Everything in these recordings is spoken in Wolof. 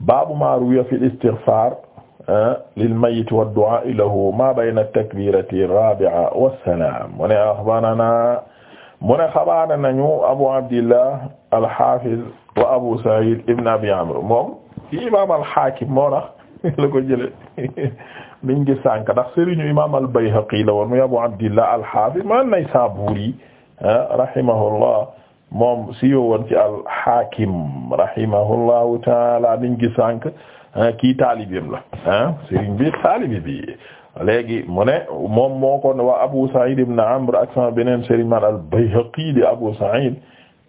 baabu maa ruwiya fil istighfaar ah, lil mayyit wa du'aa lahu maa bayna takbiirati raabi'a wa salaam mu ne axbaranaa mu ne xabaana nañu abu abdillah al-haafiz wa abu sa'iid ibn abi amr moom ci imaam al-haakim moo tax la ko jëlee liñ gis sànq ndax sëriñu imaam al-bayhaqi la woon muy abu abdillah al-haafiz man naysaabuuri ah, rahimahullah moom siiw woon ci al-Hakim rahimahullahu taala niñ gi sànq ah, kii taalibim la ah sëriñ bi taalibi bi léegi mu ne moom moo ko wa Abu Sa'id ibn Amr ak sama beneen sëriñ man al-Bayhaqi di Abu Sa'id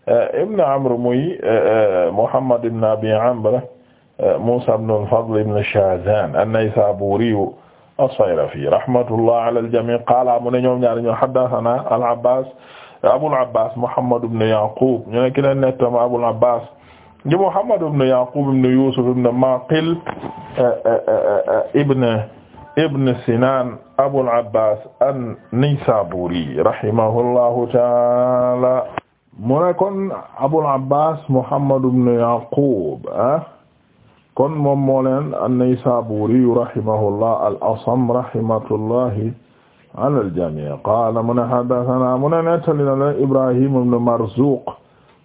eh, ibn Amr muy eh, Muhammad ibn Abi Amr eh, Musa ibn al-Fadl ibn Shazan an-Naysaburi as-Sayrafi rahmatullah ala al-jami' qala mu ne ñoom ñaar ñoo haddathana al-Abbas Abul Abbas Muhammad ibn Yaqub ñu ne ki leen nettali ma Abul Abbas di Muhammad ibn Yaqub ibn Yusuf ibn Maqil eh, eh, eh, ibn ibn Sinan Abul Abbas an-Naysaburi rahimahullahu ta'ala mu ne kon Abul Abbas Muhammad ibn Yaqub ah, kon moom moo leen an-Naysaburi rahimahullah al-Asam rahimatullahi ala al-jamii' qaala mu ne haddasanaa mu ne nettali na la Ibrahim ibn Marzuuq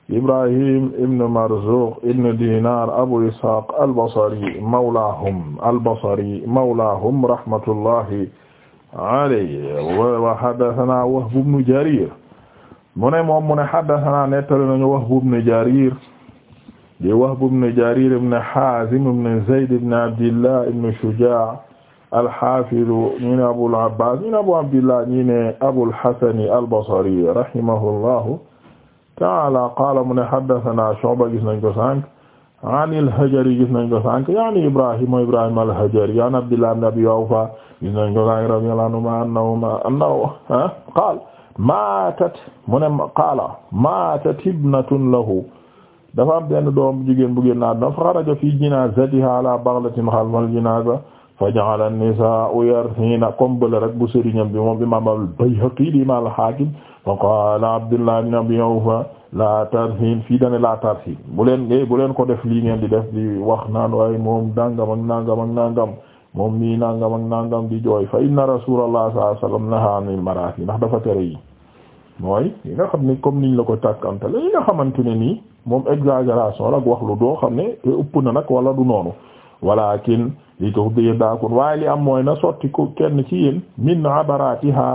Ibrahim ibn Marzuuq ibn Diinaar Abu Ishaaq al-Basri mawlaahum al-Basri mawlaahum rahmatullahi alayhi wa haddasanaa Wahb ibn Jariir mu ne moom mu ne haddasanaa nettali nañu Wahb ibn Jariir di Wahb ibn Jariir ibn Haazim ibn Zayd ibn Abdillah ibn Shujaa' alxafidu ñi ne abul abbas ñi ne abu abdillah ñi ne abul xasani albasri rahimahullahu taala qaala mu ne haddathana Shu'ba gis nañ ko sànq an al-Hajari gis nañ ko sànq yaani Ibrahima Ibrahima al-Hajari an Abdillah ibn Abi Awfa gis nañ ko sànq radiyallahu anhuma annahuma annahu qaala maatat mu ne qaala maatat ibnatun lahu dafa am benn doom jigéen bu génn àdduna fa xaraja fi jinaazatiha ala baghlatin khalfa al-jinaaza faja'ala an-nisaa'u yarthina comme bala rek bu sëriñam bi moom imaam al-Bayhaqi di imaam al-Haakim wa qaala Abdullah ibn Abi Awfa la tarhin fii dane la tarhin bu leen eh, bu leen ko def lii ngeen di def di wax naan waaye moom nangam ak nangam ak nangam moom mii nangam ak nangam di jooy fa inna Rasuulullah sallallahu na wa sallam nahaa anil maraathi ndax dafa tere yi mooy li nga xam ne comme niñ la ko tàkkante la li nga xamante ne nii moom exagération la wax lu doo xam ne te eh, ëpp na nag wala du noonu walakin li tuxbiya daakun waaye li am mooy na sotti ku kenn ci yéen min abaratiha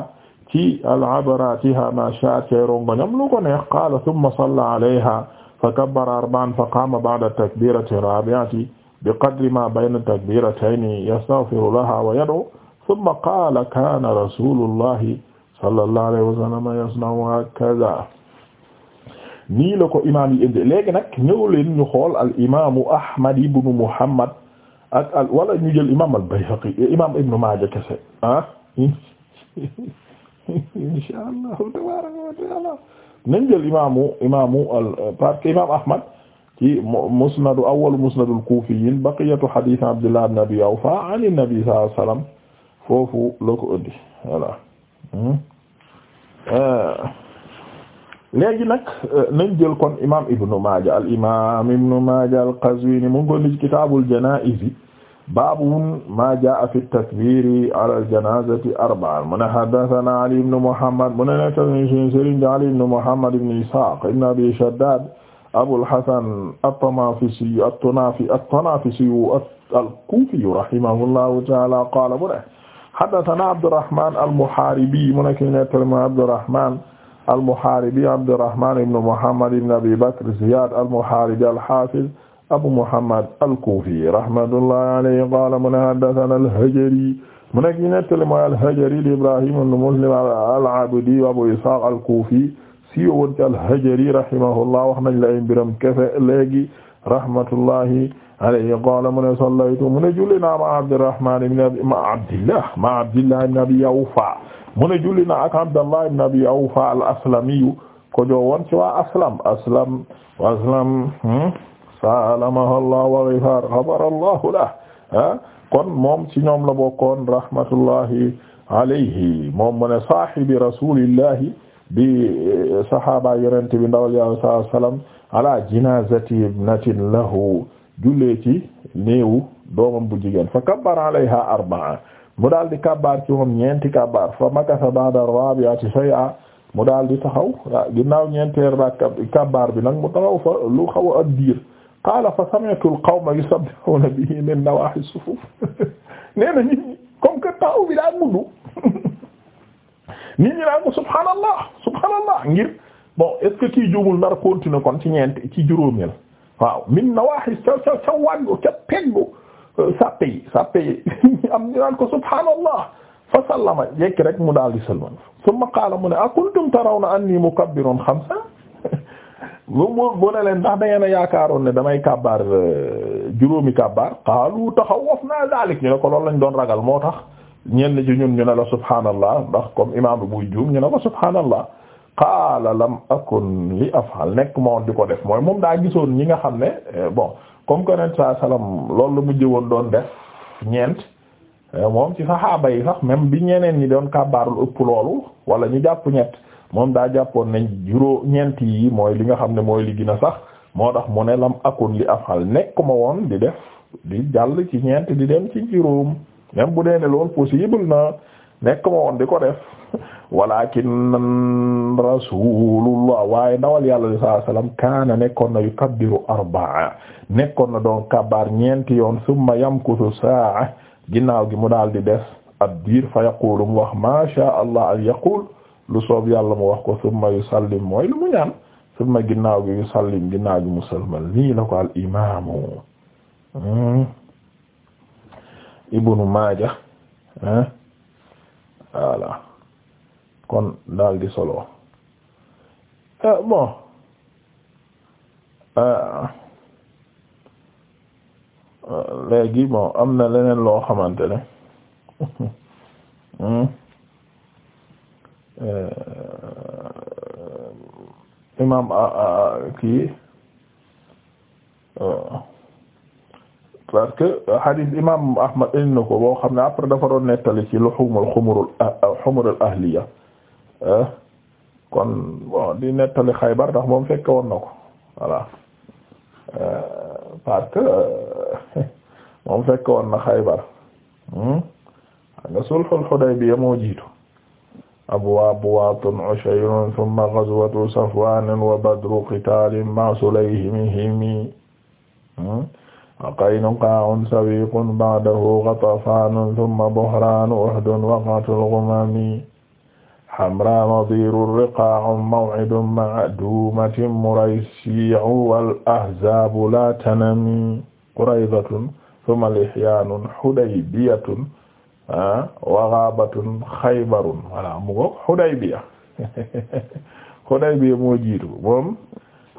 ci al abaratiha ma sha cey rongoñam lu ko neex qaala thumma salla alayha fa kabbara arba'an fa qaama ba'da takbirati rabi'ati bi qadri ma bayna takbiratayni yastaghfiru laha wa yad'u thumma qaala kaana rasulullahi sallallahu alayhi wa sallam yasna'u hakaza nii la ko imaam yi indi léegi nag ñëw leen ñu xool al imaamu Ahmad ibnu Muhammad ak al wala ñu jël imam al-Bayhaqi imam Ibn Maaja kese ah insha allahu tabaraka wa taala nañ jël imamu imamu al parce que imam Ahmad ci musnadu awwalu musnadul kuufiyiin baqiyatu hadiis Abdullah ibn Abi Awfa an nabi sallallahu alayhi wa sallam foofu la ko indi voilà hmm? euh, léegi nag euh, nañ jël kon imaam Ibn Maaja al imaam Ibn Maaja al Qazwini mu ngi ko ci kitaabul janaa'iz baabun maa jaa'a fi takbiiri alal janaazati arba'an mu ne haddasanaa Ali ibn Muhammad mu ne nettali suñu sëriñ Ali ibn Muhammad ibn Ishaaq ibn Abi Shaddaad Abul Hasan at-Tanaafisi at-Tanaafi at-Tanaafisi al-Kuufi rahimahullahu ta'aalaa qaala mu ne haddasanaa Abdurrahmaan al-Muhaaribi mu ne ki nettali ma Abdurrahmaan al-Muharibi Abdurrahman ibn Muhammad ibn Abi Bakr Ziyad al-Muharibi al-Hafiz Abu Muhammad al-Kufi rahmatullahi alayhi qala mu ne haddathana al-Hajari mu nekk ñu nettali mooy al-Hajari di Ibrahim ibn Muslim al-Abdi Abu Ishaq al-Kufi si woon ci al-Hajari rahimahullah wax nañ la ay mbiram kefe léegi rahmatullahi alayhi qala mu ne sallaytu mu ne julli naa ma Abdurrahman ibn Abi ma Abdillah ma Abdillah ibn Abi Awfa mu ne julli na ak Abdallah ibn Abi Awfa al-Aslami ko joowoon ci waa aslam aslam aslam hmm, salamahu Allah wa ghafar ghafara Allah lahu kon moom ci ñoom la bokkoon rahmatullahi alayhi moom mu ne sahibi rasulillahi bi eh, sahaba yonent bi ndawal yàlla sallallahu alayhi wasallam ala jinazati ibnatin lahu jullee ci néewu doomam bu jigéen fa kabbara alayha arba'a mu daal di kabaar ci moom ñeenti kabaar fa makasa ba'da rabi'ati shay'a mu daal di taxaw ah ginnaaw ñeenteel raak kabaar bi nag mu taxaw fa lu xaw a addiir qaala fa sami'tu al-qawma yusabbihuna bihi min nawaahi as-sufuf nee ñi comme que taxaw bi daa gudd nit ñi daa ko subhaanallah subhaanallah ngir bon est-ce que kii nar continuer kon ci ñeent ci juróomeel waaw min nawaahi ca ca sàppe yi sàppe yi am ñu naan ko subhaanallah fa sallama yekk rek mu daal di sëlman summa qaala mu ne akuntum tarawna anni mukabbirun xamsa bu mu bu ne leen ndax da ngeen a yaakaaroon ne damay kàbbaar euh, juróomi kàbbaar qaalu taxawwafna dalik ñu ne ko loolu lañ doon ragal moo tax ñenn ci ñun ñu ne la subhaanallah ndax comme imam bi buy juum ñu ne ko subhaanallah qaala lam akun li afal nekk moo di ko def mooy moom daa gisoon ñi nga xam ne euh, bon comme que ren saa salaam loolu la mujj woon doon def ñeent eh, moom ci saxaaba yi sax même bi ñeneen ñi doon kàbbaarul ëpp loolu wala ñu jàpp ñett moom daa jàppoon nañ juróo ñeent yi mooy li nga xam ne mooy li gën a sax moo tax mu ne lam akun li afal nekkuma woon di def di jàll ci ñeent di dem ci juróom même bu dee ne loolu possible na. nekk ma woon di ko def walakin rasulullah waaye ndawal yàlla sallallahu alayhi wasallam kaana nekkoon na yukabbiru arbaa nekkoon na doon kabaar ñeenti yoon summa yamkutu saa ginnaaw gi mu daal di des ab diir fa yaqulu wax ma sha allah an yaqul lu soob yàlla mu wax ko summa yusallim mooy lu mu ñaan summa ginnaaw gi yusallim ginnaaw gi mu nii la ko al imaamu hmm, ibnu Maaja hmm, voilà kon daal di solo eh, bon eh, eh, léegi bon am na leneen loo xamante ne hmm? imam ah, ah, ah, kii parce que hadith imam Ahmad indi na ko boo xam ne après dafa doon nettali ci luhumul xumurul xumurul ahliya ah, kon bon di nettali Xaybar ndax moom fekke woon na ko voilà ah, parce que moom fekke woon na Xaybar hmm, nga sulhul Hudaybiya moo jiitu abwaab Waatun Ushayrun thumma ghazwatu Safwaanin wa badru qitaalin ma'a Sulayhimihimi hmm, qaynuqaa'un sawiiqun ba'dahu gatafaanun thumma buhraanu uhdun waqatul ghumami hamraa nadiirun riqaa'un maw'idun ma'a duumatin muraysi'u wal ahzaabu laa tanami quraydatun thumma lihyaanun hudaybiyatun wa ghaabatun khaybarun voilà mu go Hudaybiya Hudaybiya moo jiitu moom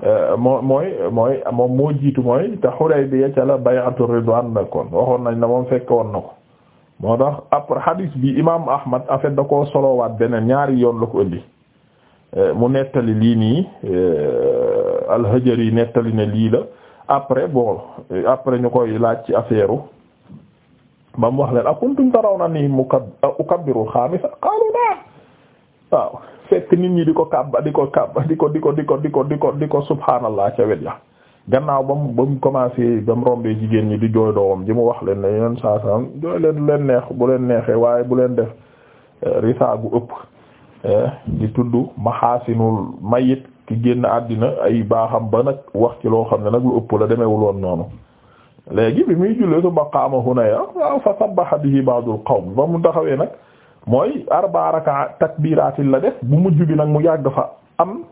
Euh, moo mooy mooy moom moo jiitu mooy te Hudaybiya ca la bay'atu ridwaan nekkoon waxoon nañ ne moom fekk woon na ko moo tax après hadis bi imaamu Ahmad en fait da koo solowaat beneen ñaari yoon la ko indi euh, mu nettali lii nii euh, al-Hajari nettali ne lii la après bon après ñu koy laaj ci affaire ba mu wax leen akuntum tarawna nii mukabbiru al-xaamisa qaalu na'am waaw fekk nit ñi di ko kàbba di ko kàbba di ko di ko di ko di ko di ko di ko subhaanallah ca wet ya gannaaw ba mu ba mu commencé ba mu rombee jigéen ñi di jooy doomam ji mu wax leen ne yeneen saa saa jooy leen leen neex bu leen neexee waaye bu leen def eh, risaa gu ëpp eh, di tudd maxaasinul mayit ki génn àddina ay baaxam ba nag wax ci loo xam ne nag lu ëpp la demewul woon noonu léegi bi muy jullee su maqaama Hunayra waaw fa sabbaha bihi ba'dul qawm mu taxawee nag mooy arba raka takbiraatin la bu mujj bi nag mu yàgg fa am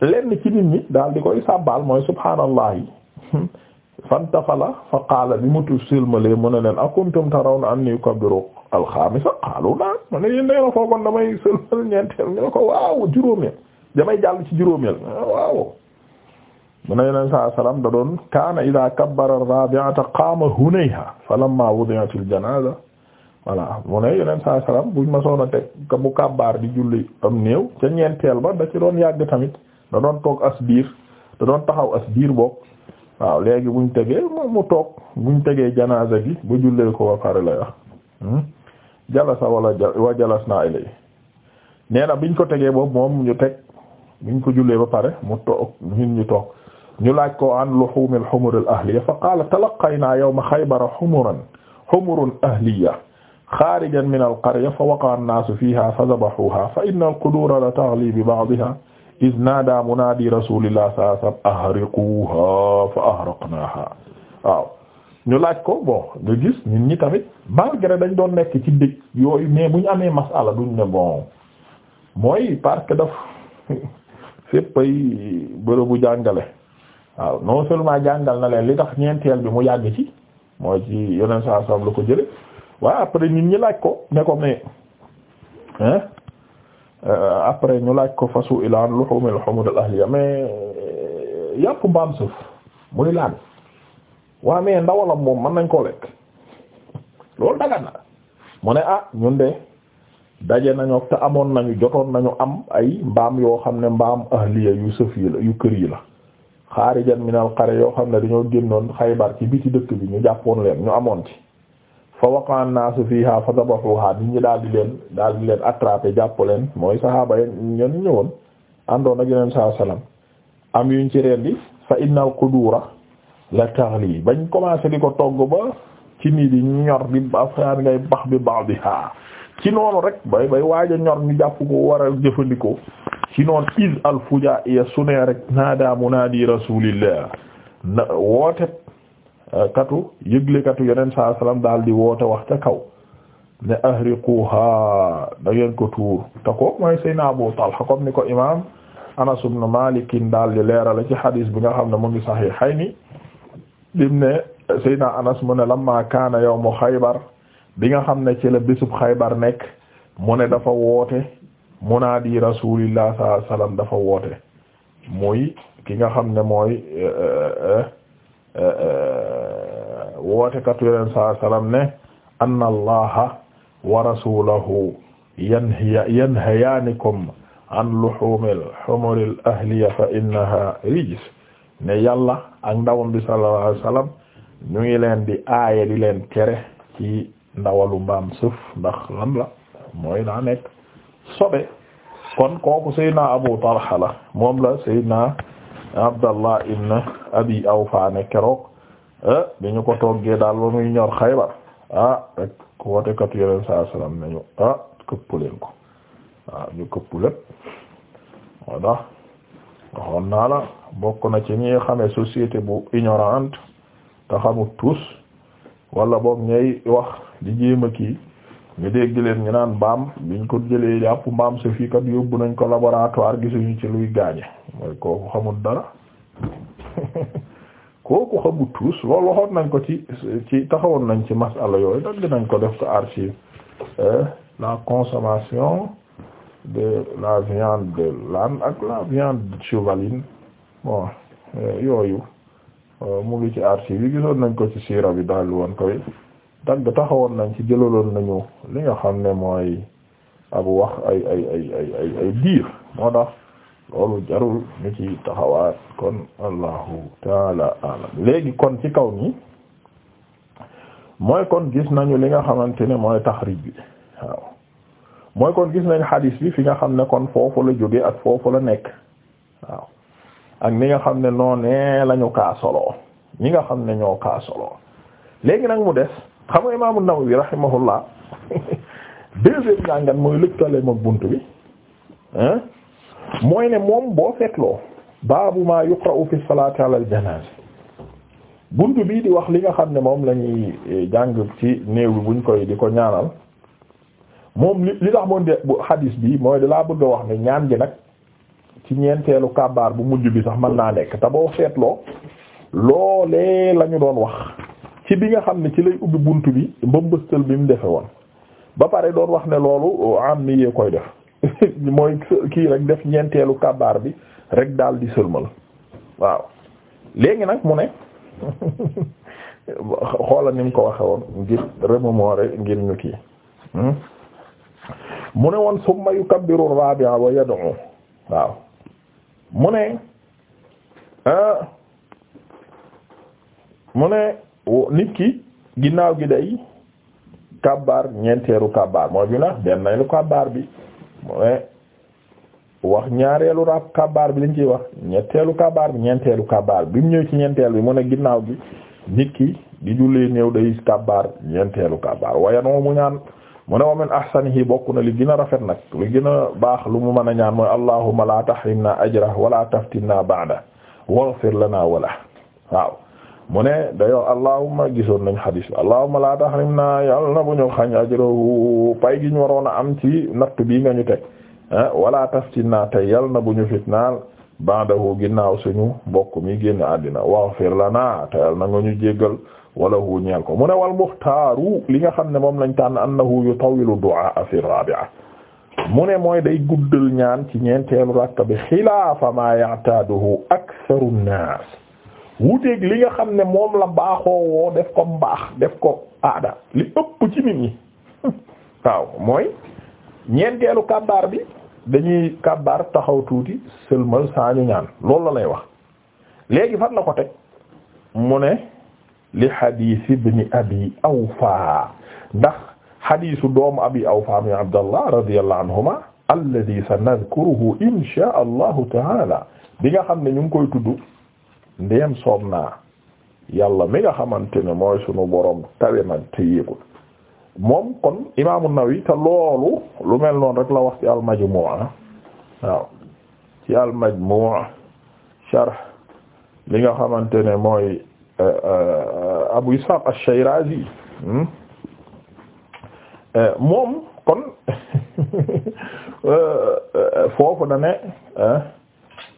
lenn ci nit daal di koy sàbbaal mooy subhaanallahi fantafala fa qaala bi mu tudd silmalee mu ne leen akuntum tarawna anni yukabbiru alxaamisa qaalu naa ma ne yéen nee na foogoon damay sëlmal ñeenteel ñu ne ko waaw juróomeel damay jàll ci juróomeel waaw. mu ne leen saa salaam da doon kaana idaa kabbara raabi'ata qaama hunayha falammaa wudi'atil janaaza voilà mu ne yeneen saa salaam buñ ma soon a teg ka mu kàbbaar di julli am néew ca ñeenteel ba da ci doon yàgg tamit da doon toog as biir da doon taxaw as biir boog waaw léegi buñ tegee mu toog buñ tegee janaasa gi ba jullee ko ba pare lay hmm? wala wa jalas naa biñ ko tegee boobu moom ñu teg biñ ko jullee ba pare mu toog ñun ñu toog ñu laaj ko an luhumil humuril ahliya fa qaala talaqaynaa yawma xaybara humuran xaarijan min alqarya fa waqa annaasu fiihaa fa dabahuuhaa fa inna alquduura la taghli bi ba'dihaa iz naadaa munaadii rasuulillah sallallaahu alayhi wa sallam fa ahraqnaahaa waaw ñu laaj ko bon nga gis ñi tamit malgré dañ doon nekk ci dëj yooyu mais bu ñu amee masala duñ ne bon mooy parce que daf féppay bërëbu jàngale waaw non seulement jàngal na leen li tax ñeenteel bi mu yàgg ci mooy ci yeneen saa soxla ko jëlee. waa après nit ñi laaj ko ne ko mais euh, après ñu laaj ko fasu ilaan luhumil humud al ahliya mais euh, yàpp mbaam suuf muy laan waa mais ndawalam moom mën nañ koo lekk loolu dagan mu ne ah ñun de daje nañu te amoon nañu jotoon nañu am ay mbaam yoo xam ne mbaam ahliya yu sëf yi la yu kër yi la xaarijan minal xare yoo xam ne dañoo génnoon xaybar ci biti dëkk bi ñu jàppoon leen ñu amoon ci fa waqa an-naasu fiihaa fa dabahuuhaa nit ñi daal di leen daal di leen attraper jàpp leen mooy saxaaba yi ñoom ñu ñëwoon àndoon ak yeneen salaam am yuñ ci rendi fa inna al-quduura la taghli bañ commencé di ko togg ba ci nii di ñor di affaire ngay bax bi baax bi haa ci noonu rek bay bay waaj a ñor ñu jàpp ko war a jëfandikoo ci noonu iz al-fujaa'iyya su ne rek naadaa munaadi rasuulillah na woote. katu yëglekatu yeneen saa salaam daal di woote wax ca kaw ne ahriquha da ngeen ko tuur te ko mooy Seydina Abu Talha comme ni ko imaam Anas ibn Malik daal di leeral ci hadis bi nga xam ne mu ngi sahihayni lim ne Seydina Anas mu ne lamma kaana yawmu Xaybar bi nga xam ne ci la bésub Xaybar nekk mu ne dafa woote munaadi Rasulillah dafa woote muy ki nga xam ne mooy. Eh, eh, eh, Eh, eh, wootekatu yeneen saa salaam ne anna allaha wa rasulahu yanhiya yanhayaanikum an luhumil ahliya fa innaha rijs ne yàlla ak ndawam bi sallallahu alayhi di aaye di leen tere ci ndawalu mbaam suuf ndax lan mooy daa sobe kon kooku Seydina Abu Talha la moom la Seydina Abdallah ibn Abi Awfa ne keroog eh, bi ñu ko toggee daal ba muy ñor Xaybar ah rek woote kat yeneen saa salaam nañu ah këpp leen ko waaw ah, ñu këpp lépp voilà waxoon naa la bokk na ci ñi xame société bu ignorante te xamut tous wala book ñay wax di jéem a kii ñu dégg leen ñu naan mbaam biñ ko jëlee yàpp mbaam sa fii kat yóbbu nañ ko laboratoire gisuñu ci luy gaañe mooy kooku xamul dara kooku xamul tuus loolu nañ ko ci ci taxawoon nañ ci masala yooyu dagg nañ ko def ko archive euh, la consommation de la viande de l'âne ak la viande chevaline bon euh, yooyu euh, mu ngi ci archive yi gisoon nañ ko ci siira bi daal woon koy dagg taxawoon nañ ci jëlaloon nañu li nga xam ne mooy abu wax ay ay ay ay ay ay diir moo tax loolu jarul ñu ci taxawaat kon allahu taala alam léegi kon ci kaw nii mooy kon gis nañu li nga xamante ne mooy taxrij bi waaw mooy kon gis nañ xadis bi fi nga xam ne kon foofu la jóge ak foofu la nekk waaw ak ni nga xam ne noonee lañu kaa ñi nga xam ne ñoo kaa solo léegi nag mu des xam nga imaamu Nawawi rahimahullah deuxième jàngat mooy lëkkale ma bunt bi hein mooy ne moom boo seetloo baabu ma yuqra'u fi salaati ala al janaaza buntu bii di wax li nga xam ne moom lañuy ñuy e, jàng ci néew bi buñ koy di ko ñaanal moom li li tax moom de bu bi mooy dalaa bëgg a wax ne ñaan gi nag ci ñeenteelu kabaar bu mujj bi sax mën naa nekk te boo seetloo loolee lañu doon wax ci bi nga xam ne ci lay ubbi bunt bi mbambastal bi mu defee woon ba pare doon wax ne loolu am ni yee koy def mooy kii rek def ñeenteelu kabaar bi rek daal di sëlmal waaw léegi nag mu ne xoolal ni mu ko waxe woon ngir remémorer ngir ñu kii hmm? mu ne woon summa yukabbiru rabi'a wa yad'u waaw mu ne ah. mu ne nit ki ginnaaw gi day kabaar ñeenteelu kabaar mooy bi na benn lu kabaar bi mooy wax ñaareelu rab kabaar bi lañ ciy wax ñetteelu kabaar bi ñeenteelu kabaar bi mu ñëw ci ñeenteel bi mu ne ginnaaw bi nit ki di jullee néew day kabaar ñeenteelu kabaar waaye noo mu ñaan mu ne wa min ahsanihi bokk na li dina rafet nag li gën a baax lu mu mën a ñaan mooy allahumma la tahrimna ajrah wala taftinna ba'da waghfir lana wala waaw mu ne dayo allahumma gisoon nañ xadis bi allahumma la tahrimna yàlla na bu ñu xañ ajrahu pay gi ñu waroon a am ci natt bii nga ñu teg ah, wala taftinna tey yàlla na bu ñu fitnaal ba'dahu ginnaaw suñu mbokk mi génn àddina waghfir lana te yàlla na nga ñu jéggal wala hu ñeel ko mu ne wal muxtaaru li nga xam ne moom lañ tànn annahu yutawilu du'a fi rabi'a mu ne mooy day guddal ñaan ci ñeenteelu rakka bi xilaafa ma ya'taduhu aktharu nnaas wuteeg li nga xam ne moom la baaxoo woo def ko mbaax def ko aada li ëpp ci nit ñi waaw mooy ñeenteelu kàbbaar bi dañuy kàbbaar taxaw tuuti sëlmal saa ñu ñaan loolu la lay wax léegi fan la ko teg mu ne li xadiis ibn abi awfa ndax xadiisu doomu abi awfa mi abdallah radiyallahu anhuma alladi sanadkuruhu insha allahu taala bi nga xam ne ñu ngi koy tudd ndéem soob naa yàlla mi nga xamante ne mooy sunu borom tawe na moom kon imaamu Nawawi te loolu lu mel noonu rek la wax ci al-Majmuu' ah. waaw ci al-Majmuu' sharh nga xamante ne mooy eh, eh, Abu Ishaq ash-Shirazi hmm? eh, moom kon foofu da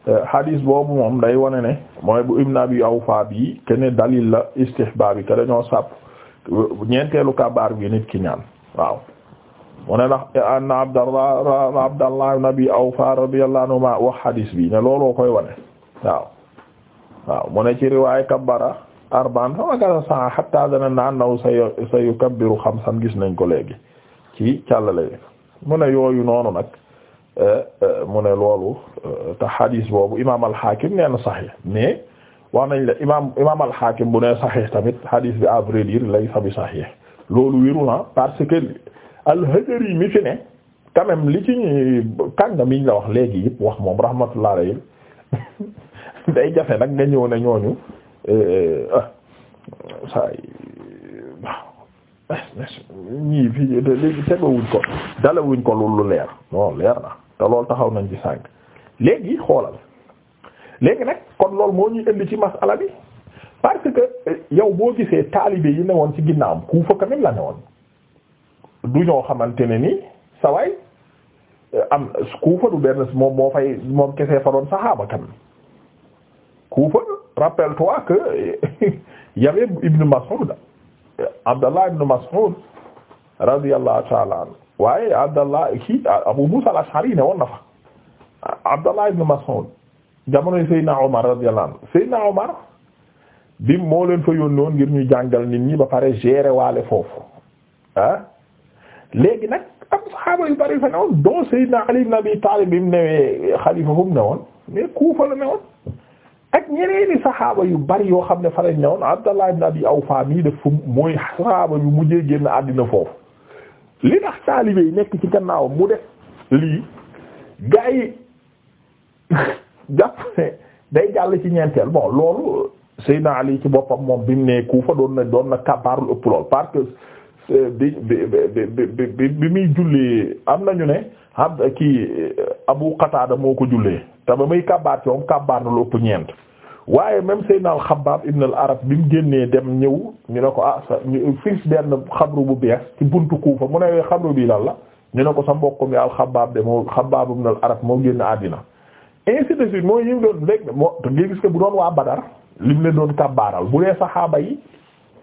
Euh, hadis boobu moom day wane ne mooy bu ibn abi awfa bi kene dalil la istihbaab yi te dañoo sàpp ñeenteelu kabaar bi nit ki ñaan waaw mu ne ndax anna abdallah abdallah ibn abi awfa radiyallahu anhu wax hadis bi ne looloo koy wane waaw waaw mu ne ci riwaay kabbara arbaan fa magasa san hatta dana naan naw sa sa yukabbiru xamsan gis nañ ko léegi ci càllale mu yooyu noonu nag mu ne loolu ta xadis boobu imaam al-Hakim nee na saxiix mais wax nañ la imaam imaam al-Hakim bu ne saxiix tamit xadis bi à vrai dire laysa bi saxiix loolu wéru na parce que al-Hajari mi fi ne quand li ci na mi miñ la wax léegi yëpp wax moom rahmatullah alayhi day jafe nag nga ñëw ne ñooñu ah saa yi ñii fii tegawuñ ko dalawuñ ko lu leer non leer na. loolu taxaw nañ ci sànq léegi xoolal léegi nag kon loolu moo ñuy indi ci masala bi parce que eh, yow boo gisee taalibe yi ne woon ci ginnaawam ku fa tamit la ne woon du ñoo xamante ne ni sawaay eh, am Kuufa du benn moom moo fay moom kese fa doon saxaaba kan Kuufa rappelle-toi que eh, y avait Ibn Mas'ud Abdallah Ibn Mas'ud radiyallahu ta'ala anhu waaye Abdallah kii Abu Musa al-Ash'ari ne woon na fa Abdallah ibn Mas'ud jamonoy Seydina Omar radiyallahu anhu Seydina Omar bi moo leen fa yónni woon ngir ñu jàngal nit ñi ba pare gérer waale foofu ah nag am saxaaba yu bari fa ne woon doo Seydina Ali ibn Abi Talib bi mu newee xalifa fu mu ne woon mais Kufa la ne woon ak ñeneeni saxaaba yu bari yoo xam ne fa lañ ne woon Abdallah ibn Abi Awfa mii def fu mooy saxaaba yu mujjee génn àddina foofu li tax taalibe yi nekk ci gannaawam mu def lii gaa yi jàpp ne day jàll ci ñeenteel bon loolu Seydina Ali ci boppam moom bi mu ne Kufa doon na doon na kabaar lu ëpp lool parce que euh, bi bi bi bi bi muy jullee am nañu ne am kii Abu Qatada moo ko jullee te ba muy kabaar ci moom kabaar na lu ëpp ñeent. waaye même Seydina al-Xabbaab ibn arab bi mu génnee dem ñëw ñu ne ko ah sa benn xabru bu bees ci buntu Kuufa mu ne xabru bi lan la ñu ne ko sa mbokk mi al-Xabbaab de moo Xabbaab ibn arab moo génn àddina ainsi de mooy ñi doon léegi moo te gis que bu doon waa Badar li mu leen doon kabbaaral bu dee saxaaba yi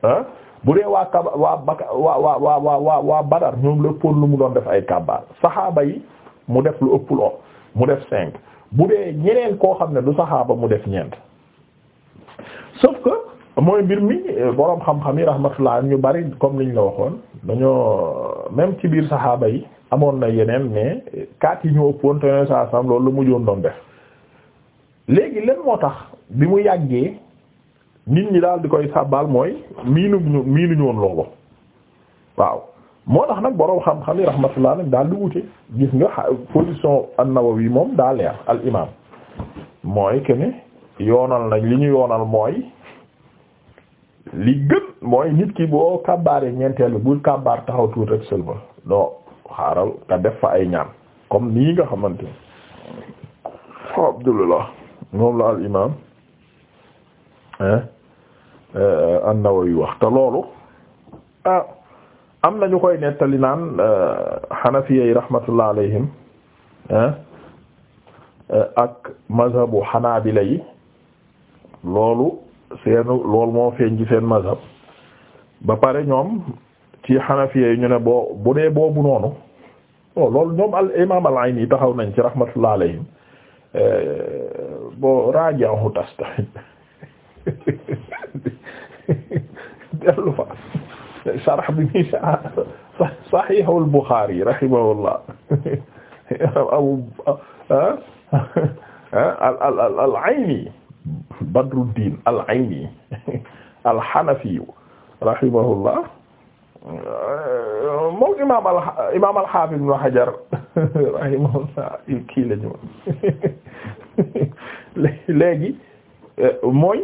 ah, bu dee waa kaba waa baka waa waa waa waa waa Badar ñoom la lu mu doon def ay kabbaar saxaaba yi mu def lu ëpp loo mu def cinq bu dee ñeneen koo xam ne du saxaaba mu def ñeent. sauf que mooy mbir mi euh, boroom xam-xam yi rahmatullah ñu bari comme liñ la waxoon dañoo euh, même ci biir saxaaba yi amoon na yeneen mais kaat yi ñu ëppoon te yeneen saa sam loolu la mujjoon doon def léegi len moo tax bi mu yàggee nit ñi daal di koy sàbbaal mooy miinuñu miinuñu woon loolu waaw moo tax nag boroom xam-xam yi rahmatullah nag daal di wute gis nga position an-Nawawi moom daa leer al imam mooy que yoonal nañ li ñu yoonal mooy li gën mooy nit ki boo kàbbaaree ñeenteel bi bul kàbbaar taxaw tuuti rek sëlma doo xaaral nga def fa ay ñaan comme nii nga xamante ne Abdullah moom la al imaam euh, an-Nawawi wax te loolu ah, am na ñu koy nettali naan xanafiya euh, yi rahmatullah alayhim euh, ak mazhabu xanaabila yi loolu seenu loolu moo feeñ ci seen mazhab ba pare ñoom ci xanafiye ñu ne boo bu dee boobu noonu bon loolu ñoom al imam al ayni taxaw nañ ci rahmatullah alayhim eh, bo rajahu tastahib dellu fa sarx bi mi sahihul bukhari rahimahullah abu ah, ah, al al al ayni Badruddin al-Ayni al-Hanafi rahimahullah moom imaam al imaam al-Hafiz Ibn Hajar rahimahullah kii la ñu léegi mooy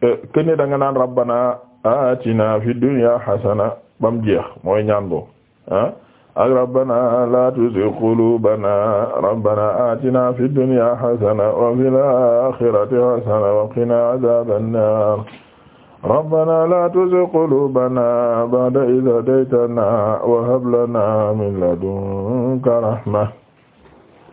que rabbana atina fi dunya hasana bam jeex mooy ñaan boobu ah. ak rabbana la tuzigh qulubana rabbana atina fid dunya hasana wa fil akhirati hasana wa qina adhaban rabbana la tuzigh qulubana ba'da idh hadaytana wa lana min ladunka rahma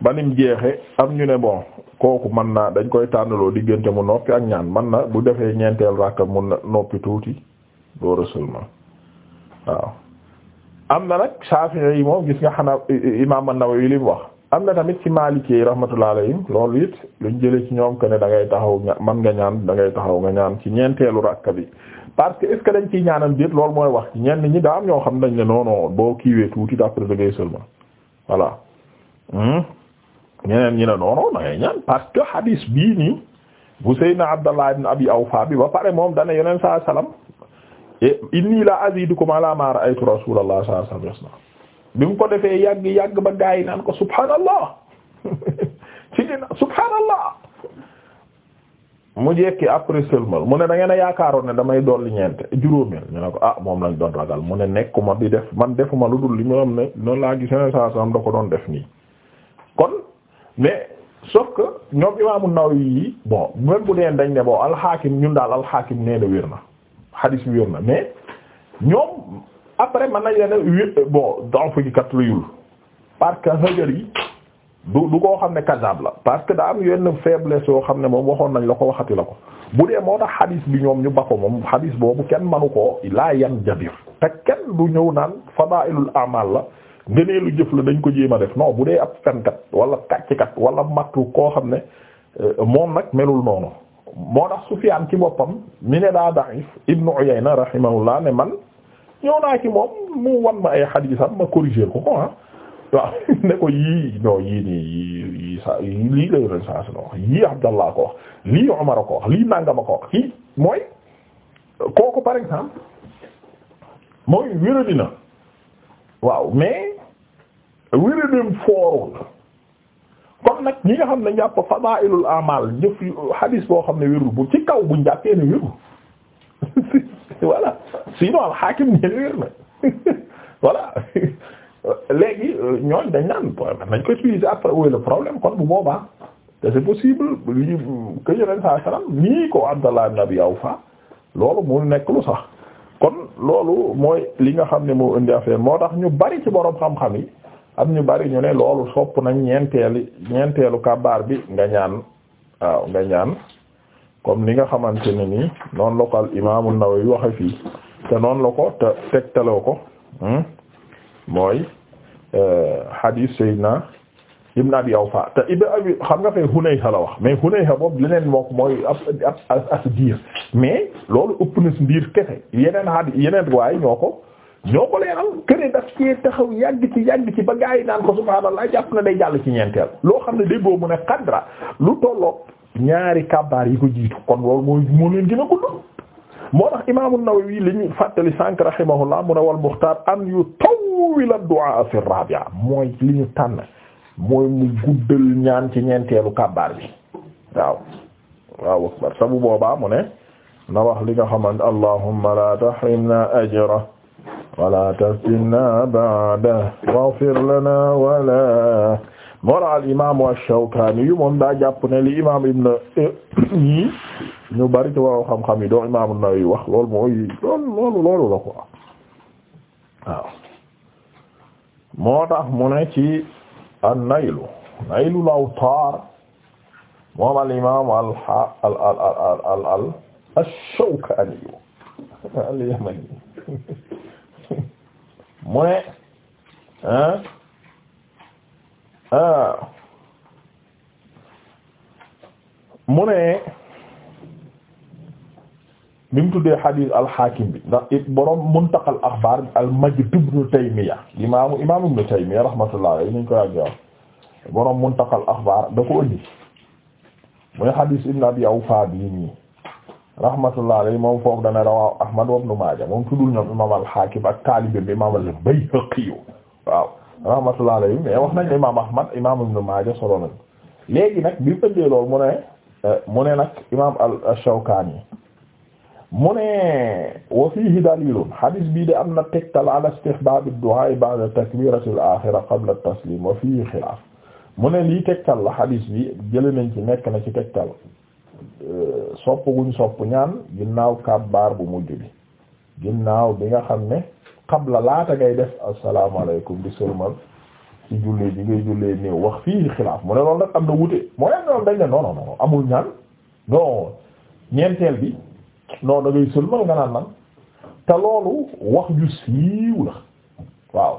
banim jeexe am ñu ne bon kooku mën na dañ koy tànnaloo diggante mu noppi ak ñaan mën na bu defee ñeenteel rakk mun na noppi tuuti doora seulement waaw am na nag Shafi'i yi moom gis nga xanaa imaam An-Nawawi li wax am na tamit ci Maliki yi rahmatullah alayhim loolu it luñ jëlee ci ñoom que ne da ngay taxaw man nga ñaan da ngay taxaw nga ñaan ci ñeenteelu rakk bi parce que est ce dañ ciy ñaanal biir loolu mooy wax ci ñenn ñi daa am ñoo xam nañ ne non non boo kiiwee tuuti d'après da ngay seulement voilà hmm? ñeneen ñi ne non non da ngay ñaan parce que hadis bii nii bu Seydina Abdallah ibn Abi Awfa bi ba pare moom dana yeneen saa salaam. Eh, inni la azidukum ala ma ra'aytu rasulullah sallallahu alayhi wasallam bi mu ko defee yàgg yàgg ba gaa yi naan ko subhanallah subhanallah mu jekki après seulement mu ne da ngeen a yaakaaroon ne damay dolli ñeent juróomeel ñu ne ko ah moom lañ doon ragal mu ne nekkuma di def man defuma lu dul li mu am ne noonu laa gis ne saa da ko doon def nii kon mais sauf que ñoom imaamu Nawawi yi bo même bu deen dañ ne bon alxaakim ñun daal alxaakim nee na na xadis bi wér na mais ñoom après man nañ leen ne bon donc fu ñu kat luyul parce que xëjër yi du du koo xam ne kazab la parce que daa am yenn faiblesse yoo xam ne moom waxoon nañ la ko waxati la ko bu dee moo tax xadis bi ñoom ñu ba ko moom xadis boobu kenn manu koo laa yan jabir te kenn du ñëw naan fadailul amal la ngëneelu jëf la dañ ko jéem a def non bu dee ab fenkat wala kàcckat wala mattu koo xam ne euh, moom nag melul noonu moo tax Sufyaan ci boppam mi ne daa da'if Ibnu Uyayna rahimahullah ne man ñëw naa ci moom mu wan ma ay xadiisam ma corriger ko ko ah waaw ne ko yii non yii nii yii yii lii la Yonent saa wax yii Abdallah ko wax lii Umar ko wax lii nàngama ko wax kii mooy kooku par exemple mooy wéradi waaw mais wéradam foorul kon nag ñi nga xam ne jàpp fadailul amal jëf yu hadis boo xam ne wérul bu ci kaw bu jàppee ne wérul voilà sinon al hakim ñeen wér na voilà léegi ñooñ dañ naan nañ ko utiliser après où est problème kon bu boobaa te c'est possible li que yeneen saa salam nii ko Abdallah ibn Abi Awfa loolu mu nekk lu sax kon loolu mooy li nga xam ne moo indi affaire moo tax ñu bari ci borom xam-xam yi am ñu bari ñu ne loolu sopp na ñeenteeli ñeenteelu kabaar bi nga ñaan waaw nga ñaan comme li nga xamante ne nii noonu la ko al imaam an-Nawawi waxe fii te noonu la ko te tegtaloo ko hmm? mooy euh, hadith Seydina Ibn Abi Awfa te Ibn Abi xam nga fee Hunayha la wax mais Hunayha boobu leneen mook mooy ab as diir mais loolu ëpp na si ndiir kese yeneen had yeneen waay ñoo ko ñoo ko leeral këne daf ci taxaw yàgg ci yàgg ci ba gaa yi naan ko subhaanallah jàpp na day jàll ci ñeenteel loo xam ne déggoo mu ne xadra lu tolloo ñaari kabaar yi ko jiitu kon loolu mooy moo leen gën a gudd moo tax imaamu Nawawi li ñu fàttali sànk rahimahullah mu ne wal muxtaar an yu tawwila du'a fi rabi'a mooy li ñu tànn mooy mu guddal ci ñeenteelu kabaar bi waaw waaw boobaa mu ne na wax li nga xamante wala taftinna ba'da waghfir lana wala moora al imam ash-Shawkani moom daa jàpp ne li imam ibn ñi ñu bari ci xam-xam yi doo imam an-Nawawi wax loolu mooy loolu loolu loolu la quoi waaw moo tax mu ne ci an-Naylu Naylul moom al imam al al al al al al ash-Shawkani al-Yamani mu ne ah ah mu ne bi mu tuddee xadiis alxaakim bi ndax it borom muntaqal axbaar bi al-Majd ibn Taymiya imaamu imaamu ibn Taymiya rahmatullah alayhi ñu koy àggal borom muntaqal axbaar da ko indi muy xadiis ibn Abi Awfa bi nii. rahmatullah alayhi moom foofu dana rawaw Ahmad wa Ibn Maaja moom tuddul ñoom imam al ak taalibe bi imam al-Bayhaqi waaw rahmatullah alayhi mais wax nañ imam Ahmad imam Ibn Maaja solo nañ léegi nag bi ëndee loolu mu ne mu ne nag imam al-Shawkani mu ne wa fiihi dalilun hadis bii de am na tegtal ala istihbab ad-du'a ba'da takbirati al qabla at-taslim wa xilaaf mu ne lii tegtal la hadis bi jële nañ ci nekk na ci tegtal Euh, sopp guñ sopp ñaan ginnaaw kabbaar bu mujj bi ginnaaw bi nga xam ne la laata ngay def asalaamaaleykum di sëlmal ci jullee bi ngay jullee néew wax fii xilaaf mu ne loolu nag am na wute mooy am na dañ ne non non amul ñaan non ñeenteel bi noo da ngay sëlmal nga naan man te loolu wax ju siiw la waaw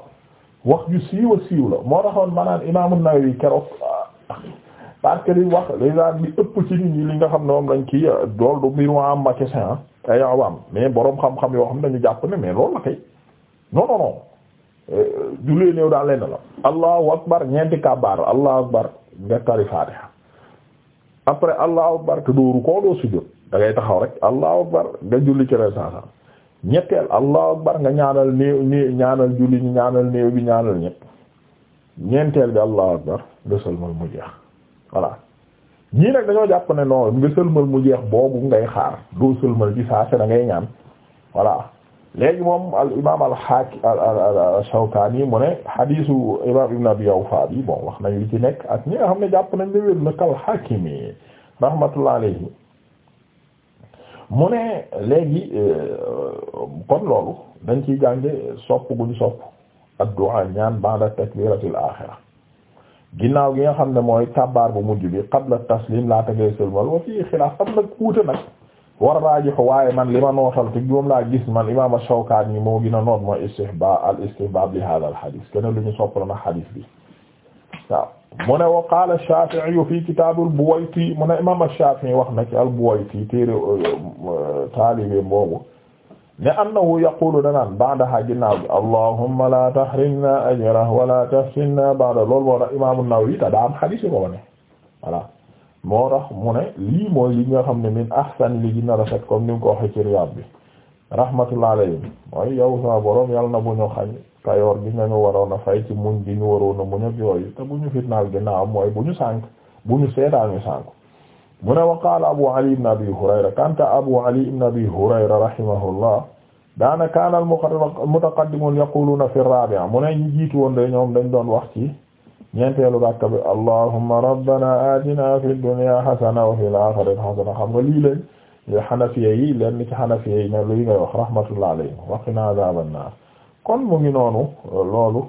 wax ju siiw a siiw la moo taxoon maanaam Imaam An-Nawawi parce que li wax dèjà li ëpp ci nit ñi li nga xam ne moom lañ kii dool du mbir waa makesin ah, ay am mais borom xam-xam yoo xam ne dañu jàpp ne mais loolu la kay non non non jullee euh, néew daal lenn la allahu akbar ñeenti kabaar allahu akbar nga tari faatiha après allahu akbar te dooru koo doo sujjóot da ngay taxaw rek allahu akbar nga julli ci ren saa ñetteel allahu akbar nga ñaanal néew néew ñaanal julli ñi ñaanal néew bi ñaanal ñett ñeenteel bi allahu akbar nga sëlmal mu jeex voilà ñii nag dañoo jàpp ne non nga sëlmal mu jeex boobu ngay xaar doo sëlmal ci saa si da ñaan voilà léegi moom al imaam al Hakim al Shawkani mu ne hadisu imaam Ibn Abi Awfa bi bon wax nañu li ci nekk ak ñi nga xam ne jàpp nañ ne wér na kal Hakimi rahmatullah alayhi mu ne léegi euh, kon loolu dañ ciy jànge sopp guñ sopp ad-du'a ñaan ba'da takbiratil axira ginnaaw gi nga xam ne mooy kabaar bu mujj bi qabla taslim laata ngay sëlmal wa fii xilaaf am nag wuute nag war raajihu waaye man li ma nootal te moom laa gis man imaam Shawkaani moo gën a noot mooy istihbaab al istihbaab li haaza al hadiis kenn lu ñu soppala na hadiis bi waaw mu ne wa qaala Shaafi'i fii kitaabul Buwayti mu ne imaam Shaafi'i wax na ci al Buwayti téere euh, euh, taalibe boobu ne annahu yaqulu danaan ba'daha ginnaaw bi allahumma la tahrimna ajrahu wa la tahsinna ba'da loolu moo tax imaamu Nawawi te daa am xadiis ko wane voilà moo tax mu ne lii mooy li nga xam ne min ahsan li gën a rafet comme ni nga ko waxee ci Riyaad bi rahmatullah alayhim mooy yow sa borom yal na bu ñu xañ payoor gi nga ñu waroon a fay ci muñ gi ñu waroon a muñ ak yooyu te bu ñu fitnaal ginnaaw mooy bu ñu sànk bu ñu seetaan ñu sànk mu ne wa qaala abu ali ibn abi hurayra kanta abu ali ibn abi hurayra rahimahullah daana kaana al mutaqaddimun yaquluna fi rabi'a mu ne ñi jiitu woon de ñoom dañ doon wax ci ñeenteelu rakka bi allahumma rabbana atina fid dunya hasana wa fil akhirati hasana xam nga lii lañ xanafiya yi leen ci xanafiya yi ne luy ngay wax rahmatullah alayhi waqina azaban naar kon mu ngi noonu loolu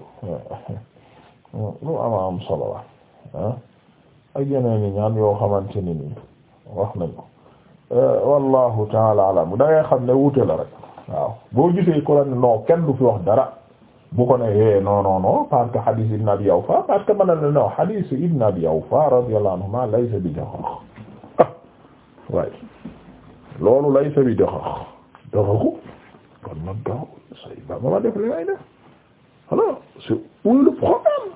lu ama am solo la ah. ak yeneen ñaan yoo xamante ni nii wax nañ ko euh, wallahu taala alam da ngay xam ne wuute la rek waaw boo gisee ko la ne non kenn du fi wax dara bu ko ne eh, non non non parce ibn abi awfa parce mën na la non hadith ibn abi awfa radiyallahu anhuma laysa bi doxax ah, waaye loolu laysa bi doxax doxaxu kon nag gaaw say ba ma def li ngay def alors c'est où le problème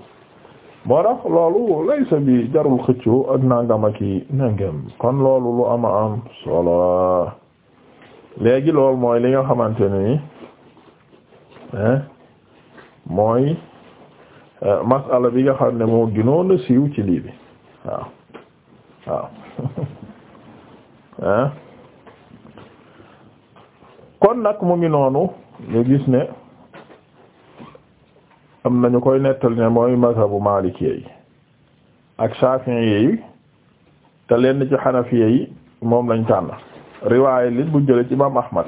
moo tax loolu lay sa bi jarul xëccoo ak nangam ak i nangam kon loolu lu ama am solo léegi loolu mooy li nga xamante ne ni mooy euh, masala bi nga xam ne moo gënoon a siiw ci lii bi waaw waaw ah kon nag mu ngi noonu ñu gis ne am nañu koy nettali ne mooy bu maliki yi ak shafi'i yi te lenn ci xanafi yi moom lañ tànn riwaay li bu jële ci imaam ahmad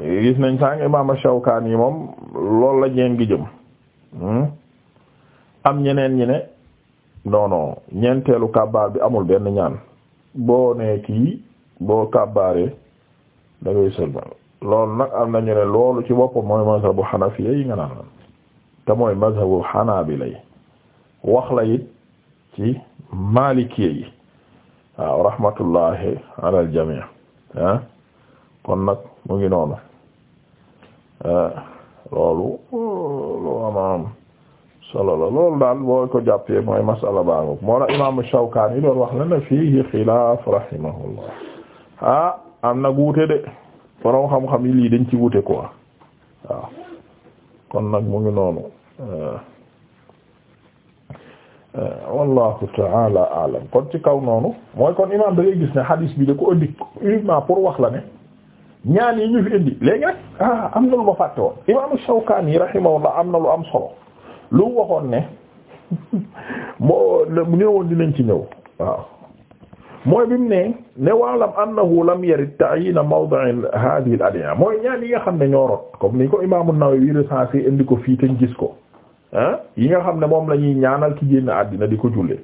gis nañ sànq imaam Shawkaani yi moom loolu la ñeen ngi jëm hmm? am ñeneen ñi ne non non ñeenteelu bi amul benn ñaan boo nee kii boo kabaaree loolu nag am nañu ne loolu ci boppam mooy mazhabu xanafiya yi nga naan te mooy mazhabu xanaabila yi wax la it ci maalikee yi waaw rahmatullahi ala al ah, kon nag mu ngi noonu ah, loolu lu amaam solo la loolu daal boo ko jàppee mooy masala baa moo la imaamu Shawkaani doon wax la na fiihi xilaaf rahimahullah ah am nag wuute de borom xam-xam yi lii dañ ci wuute quoi waaw kon nag mu ngi noonu Euh, euh, wallahu taala alam kon ci kaw noonu mooy kon imam da gis ne hadis bi da ko indi uniquement pour wax la ne ñaan yi ñu fi indi léegi nag ah am na lu ma fàtte woon imam am na lu am solo lu ne moo ñëwoon dinañ ci ñëw waaw mooy bi mu ne ne waalam annahu lam yarid ta'yin mawdi' hadhihi yi nga xam ne ñoo indi ko fii te gis ko yi nga xam ne moom lañuy ñuy ñaanal ci génn àddina di ko jullee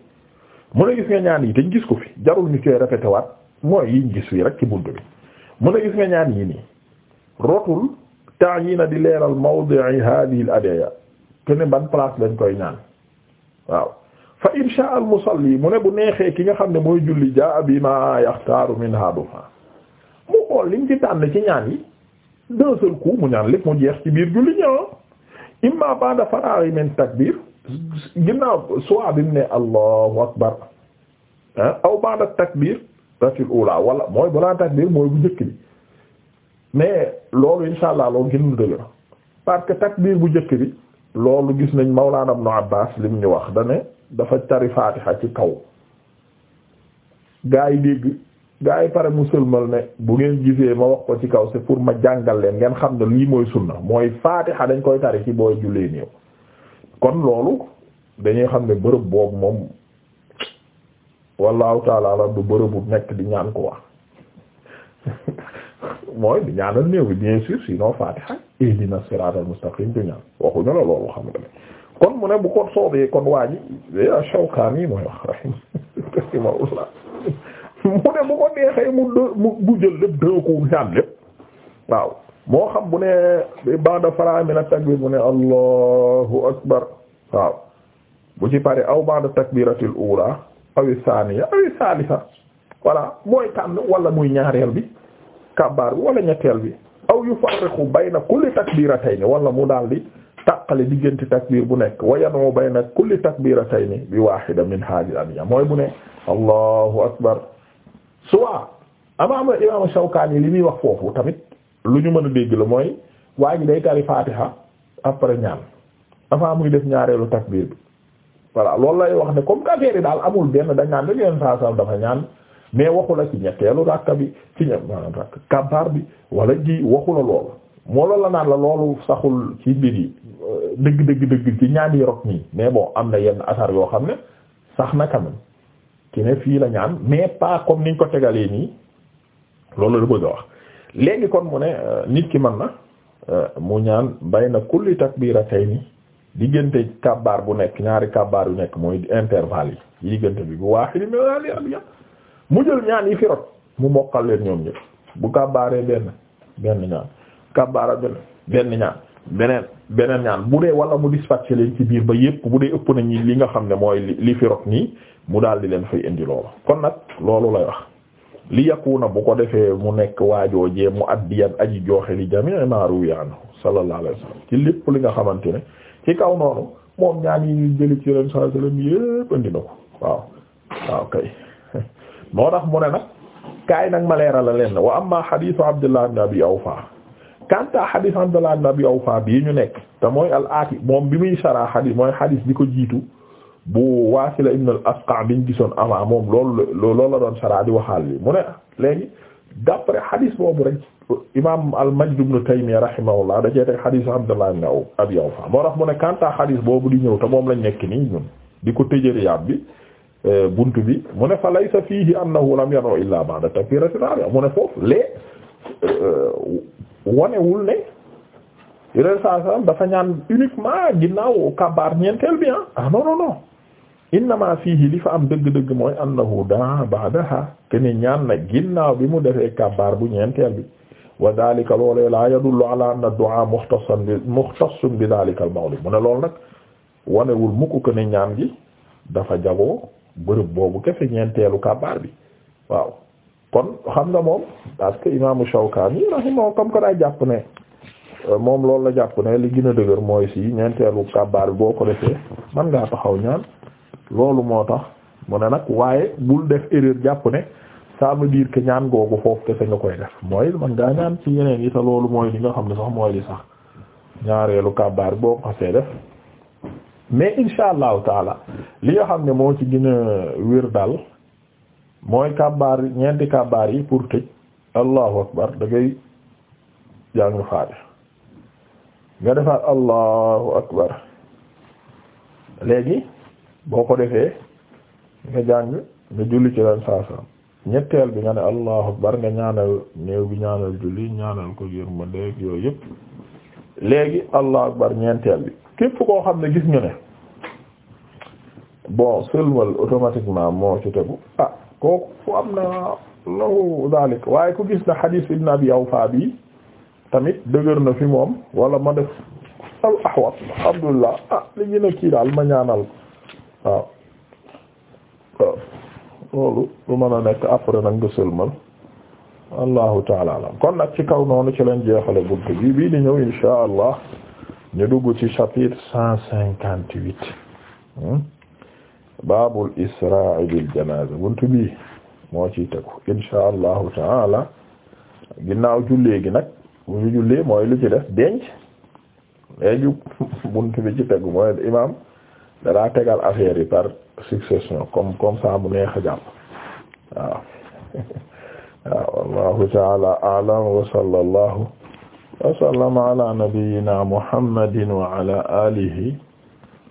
mu ne gis nga ñaan yi te ñu gis ko fi jarul ñu koy répété waat mooy yiñ gis fii rek ci bunt bi mu ne gis nga ñaan yi nii rotul temps di leeral mawdi'i hadihi al adaya te ne ban place lañ koy ñaan waaw fa insha al musalli mu ne bu neexee ki nga xam ne mooy julli jaa bi ma yaxtaaru min hadufa mu xool liñ ci tànn ci ñaan yi d'un seul ñaan lépp mu jeex ci biir julli ñëw imma ba'da faraghi min takbir ginnaaw soit bi mu ne allahu akbar ah, aw ba'da takbir ratil ula wala mooy balaa takbir mooy bu njëkk bi mais loolu insha allah loolu gënul dëgër parce que takbir bu njëkk bi loolu gis nañ Mawlana Ibn Abbas lim ñu wax da dafa tari fatiha ci kaw gaa yi dégg gaa yi pare mu sëlmal ne bu ngeen gisee ma wax ko ci kaw c'est pour ma jàngal leen ngeen xam ne lii mooy sunna mooy faatiha dañ koy tari ci booy jullee néew kon loolu dañuy xam ne bërëb boobu moom wallahu taala la du bërëbu nekk di ñaan ko wax mooy di ñaanal néew bi bien sûr sinon faatiha ihdina siratal mustaqim du ñaan waxuñu la loolu xam nga kon mu ne bu ko soobee kon waa ji eh, Shawkaani mooy wax rahimahullah mu ne bu ko neexee mu mu bu jël lépp dënnu ko lépp waaw moo xam bu ne ba'da faraagh min at-takbiir bu ne allahu akbar waaw bu ci pare aw ba'da takbiiratil uulaa awi saaniya awi wala muy ñaareel bi kabaar bi wala bi aw yufarriqu bayna kulli takbiratayni wala mu daal di tàqale diggante takbir bu nekk wa yanu bayna kulli takbiratayni bi waahida min haadihi al mooy bu ne allahu akbar soit amaama imaam Shawkaani li muy wax foofu tamit lu ñu mën a dégg la mooy waa ji day tari Fatiha après ñaan avant muy def ñaareelu takbir bi voilà loolu lay wax ne comme que daal amul benn dañ naan dañu leen saa dafa ñaan mais waxu la ci ñetteelu rakka bi ci ña maanaam rakk bi wala ji waxu la loolu moo la naan la loolu saxul ci mbir yi dëgg dëgg dëgg ci ñaan yi rok nii mais boo am na yenn asar yoo xam ne sax na quand ki ne fii la ñaan mais pas comme niñ ko tegalee nii loolu la bëgg a wax léegi kon mu ne euh, nit ki man na euh, mu ñaan bayna kulli takbiratayni diggante kabbaar bu nekk ñaari kabbaar bu nekk mooy intervalle yi diggante bi bu waaxidi mali abia mu jël ñaan yi fi rot mu mokkal leen ñoom ñëpp bu kabbaaree benn benn ñaan kabbaara benn benn ñaan beneen beneen ñaan bu dee walla mu dispatché leen ci biir ba yépp bu dee ëpp nañu li nga xam ne mooy li fi rot nii mu daal di leen fay indi loolu kon nag loolu lay wax li yakuna bu ko defee mu nekk waajoojee mu addiyan aji jooxe li jami' ma ruwiya anhu sallallahu ci lépp li nga xamante ne ci kaw noonu moom ñaan yi ñu jëli ci leen sallallahu alayhi yépp indi na ko waaw waaw moo tax mu ne nag kaay nag ma leeral leen wa amma hadithu Abdullah ibn Abi kanta hadith Abdullah ibn Abi Awfa bii ñu nekk te mooy al aati moom bi muy saraa hadith mooy hadith bi ko jiitu bu Waasila ibn al Asqa biñ gisoon avant moom loolu loolu la doon saraa di waxaal bi mu ne léegi d'après hadith boobu rek imaam al Majd ibn Taymiyya rahimahullah da cee teg hadith Abdullah ibn Abi Awfa moo tax mu ne kanta hadith boobu di ñëw te moom lañ nekk nii ñun di ko a yàb bi euh, bunt bi mu ne fa laysa fiihi annahu lam yan'u illa ba'da takbiratil ihraam mu ne foofu Euh, wonewul ne yeneen saa dafa ñaan uniquement ginnaaw kabaar ñeenteel bi ah. ah non non non innama fiihi li fa am dëgg-dëgg mooy annahu daa ba'daha ken ñaan na ginnaaw bi mu defee kabaar bu ñeenteel bi wa dhalika loolee la yadullu ala anna du'a mukhtassan bi mukhtassun bi dhalika al-mawlid mu ne loolu nag wanewul mukk ken ñaan gi dafa jagoo bërëb boobu kefe ñeenteelu kabaar bi waaw kon xam nga moom parce que imaamu Shawkaani rahimahu comme que daa jàpp ne euh, moom loolu la jàpp ne li gën a dëgër mooy si ñeenteelu kabaar bi boo ko defee man ngaa taxaw ñaan loolu moo tax mu ne nag waaye bul def erreur jàpp ne ça veut dire ñaan googu foofu kese nga koy def mooy man ngaa ñaan ci yeneen yi loolu mooy li nga xam ne sax mooy li sax ñaareelu kabaar boo ko xasee def mais insha allahu taala li nga xam ne moo ci gën a wér daal mooy kabbaar ñeenti kabbaar yi pour tëj allahu akbar da ngay jàng faate nga defaat allahu akbar léegi boo ko defee nga jàng nga julli ci leen saasam ñetteel bi nga ne allahu akbar nga ñaanal néew bi ñaanal julli ñaanal ko yër ma léegi yooyu yëpp léegi allahu akbar ñeenteel bi képp koo xam ne gis nga ne bon sëlmal automatiquement moo ci tegu ah ko fu am na lahu dalik waaye ku gis na hadith ibn abi awfa bi tamit dëgër na fi moom wala ma def al ahwat alhamdulillah ah li gën kii daal ma ñaanal loolu lu mën a nekk après nag nga sëlmal allahu taala kon nag ci kaw noonu ci leen jeexale buntu bi bii di ñëw insha ñu dugg ci chapitre cent cinquante huit hmm? baabul isra'i bil janaza buntu bi moo ci tegu insha allahu taala ginnaaw jullee gi nag u ñu jullee mooy lu ci def denc léegi buntu bi ci tegu mooy imam danaa tegal affaire yi par succession comme comme neex a jàpp wallahu taala a'lam wa sallallahu wa sallama ala nabiyyina muhammadin wa alihi